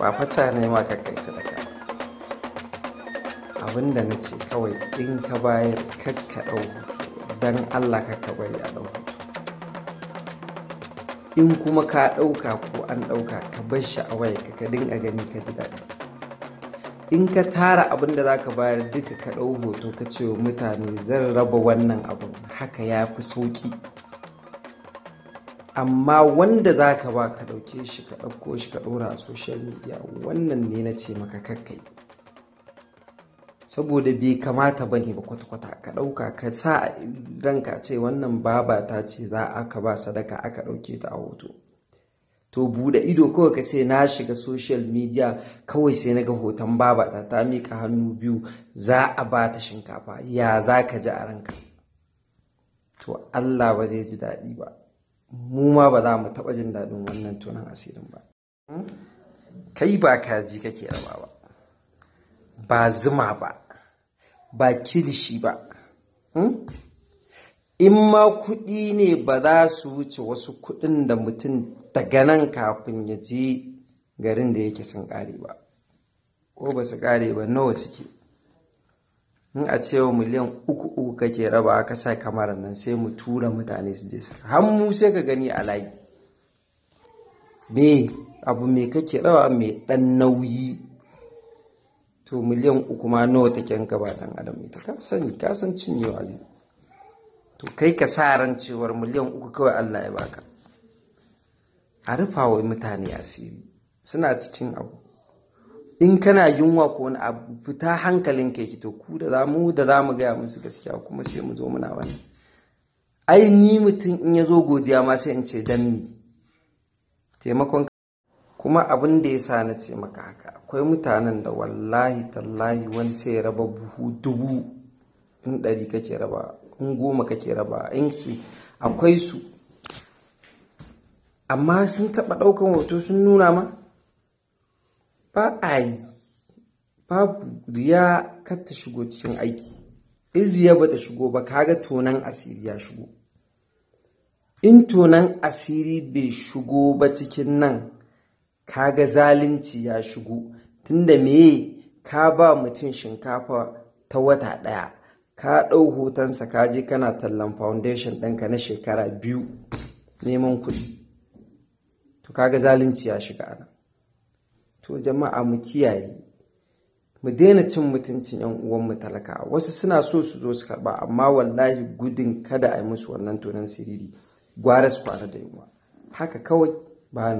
ba ne ma kai sadaka Abinda na ce kawai in ka bayar kakka ɗau don allah kakka bari a ɗau in kuma ka ɗauka ko an ɗauka ka bar shi a wayarka ka dinga gani ka ji daɗi in ka tara abin da za ka bayar duka ka ɗau hoto ka ce wa mutane zan raba wannan abin haka ya fi sauƙi amma wanda za ka ba ka ɗauke shi ka ɗauko shi ka ɗora a social media wannan ne na ce maka kakkai saboda bai kamata ba ne ba kwata-kwata ka ɗauka ka sa ranka ce wannan baba ta ce za a ka ba sadaka aka ɗauke ta a hoto to buɗe ido kawai ka ce na shiga social media kawai sai na ga hoton baba ta ta miƙa hannu biyu za a ba ta shinkafa ya za ka ji a ranka to Allah ba zai ji daɗi ba mu ma ba za mu taɓa jin daɗin wannan tunan asirin ba kai ba kaji kake raba ba ba zuma ba ba kilishi ba in ma kuɗi ne ba za su wuce wasu kuɗin da mutum daga nan kafin ya je garin da yake sun ƙare ba ko ba su ƙare ba nawa suke in a cewa miliyan uku uku kake raba ka sa kamarar nan sai mu tura mutane su je su har mu sai ka gani a layi me abu me kake raba mai dan nauyi to miliyan uku ma nawa ta yanka ba dan adam ita ka sani ka san cinyewa zai to kai ka sa ran cewar miliyan uku kawai Allah ya baka a rufa wa mutane asiri suna cikin abu in kana yunwa ko wani abu fita hankalin ka ki to ku da zamu da mu gaya musu gaskiya kuma sai mu zo muna wani ai ni mutum in ya zo godiya ma sai in ce dan ni. taimakon kuma abin da ya sa na ce maka haka akwai mutanen da wallahi tallahi wani sai ya raba buhu dubu in ɗari kake raba in goma kake raba in su akwai su amma sun taɓa ɗaukan hoto sun nuna ma ba a yi babu riya kar ta shigo cikin aiki in riya ba ta shigo ba kaga tonan asiri ya shigo in tonan asiri bai shigo ba cikin nan kaga zalunci ya shigo tunda meye ka ba mutum shinkafa ta wata ɗaya ka ɗau hotonsa ka je kana tallan foundation ɗinka na shekara biyu neman kuɗi to kaga zalunci ya shiga ana to jama'a mu kiyaye mu daina cin mutuncin yan uwanmu talaka wasu suna so su zo su karba amma wallahi gudun kada a yi musu wannan tonan siriri gwara su fara da yunwa haka kawai ba